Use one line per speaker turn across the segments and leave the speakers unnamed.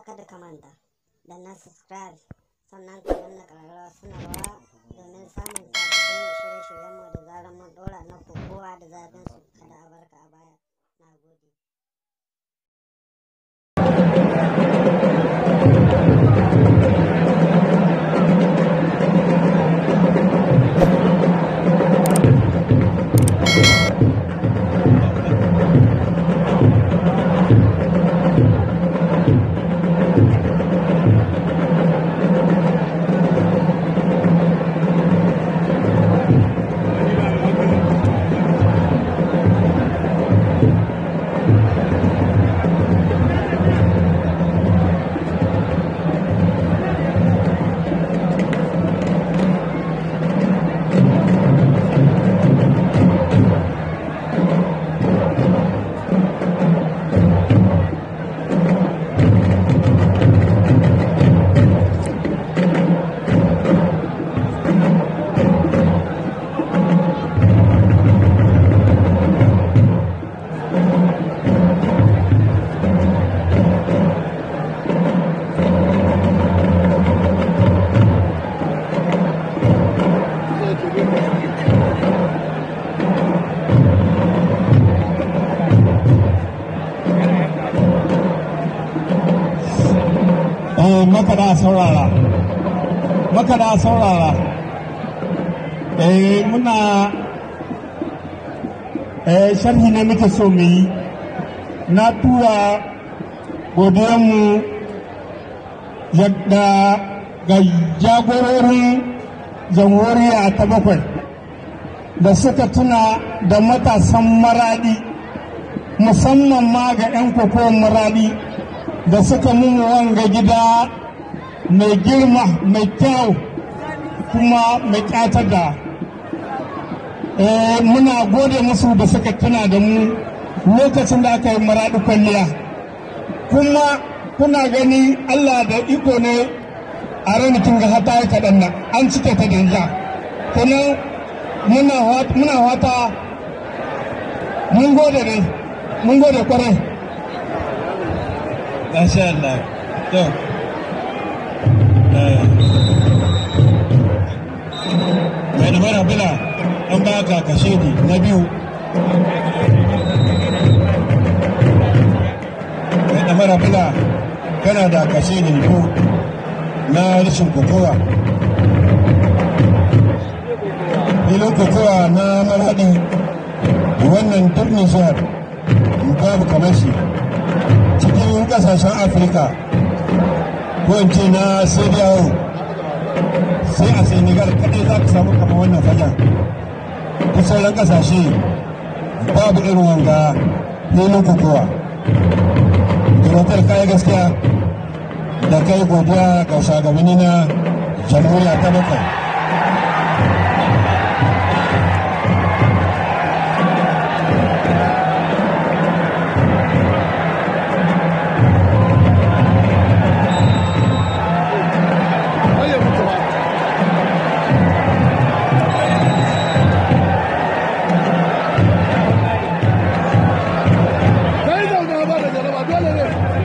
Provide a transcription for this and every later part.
ka kada ka manta da na subscribe sannan ka danna ƙararrawa sanarwa domin samun sababbin shirye-shiryenmu da zarar mun ɗora na kokowa da zafin Oh, makada saurara makada saurara eh muna eh sharhi ne muke so mu yi na tura godiyarmu yadda ga jagororin jamhuriya ta bakwai da suka tuna da matasan maradi musamman ma ga 'yan kokowar maradi da suka mun wanga gida mai girma mai kyau kuma mai ƙatar da eh, muna gode musu da suka tuna da mu lokacin da aka yi maraɗi kwalliya kuma kuna gani allah da iko ne a ranakin ga hata ya kaɗan nan an cike ta danja kuma muna hata mun gode ne mun gode kwarai Masha Allah. To. Eh. an ba ka kashe na biyu. Mai dabara bila kana da kashe ni biyu na rashin kokowa. Filin kokowa na marhaɗi wannan turnin shahar. babu kamar shi cikin kasashen afirka ko in ce na sediyawo sai a senegal kadai za ka samu kama wannan fagen ta sauran kasashe babu irin wanga neman kokowa dorotar kayan gaskiya da kai godiya ga shagabanni na jamhuriya ta bakwai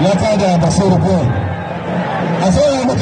ya a basiru ko a tsoron